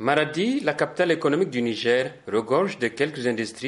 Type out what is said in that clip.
Maradi, la capitale économique du Niger, regorge de quelques industries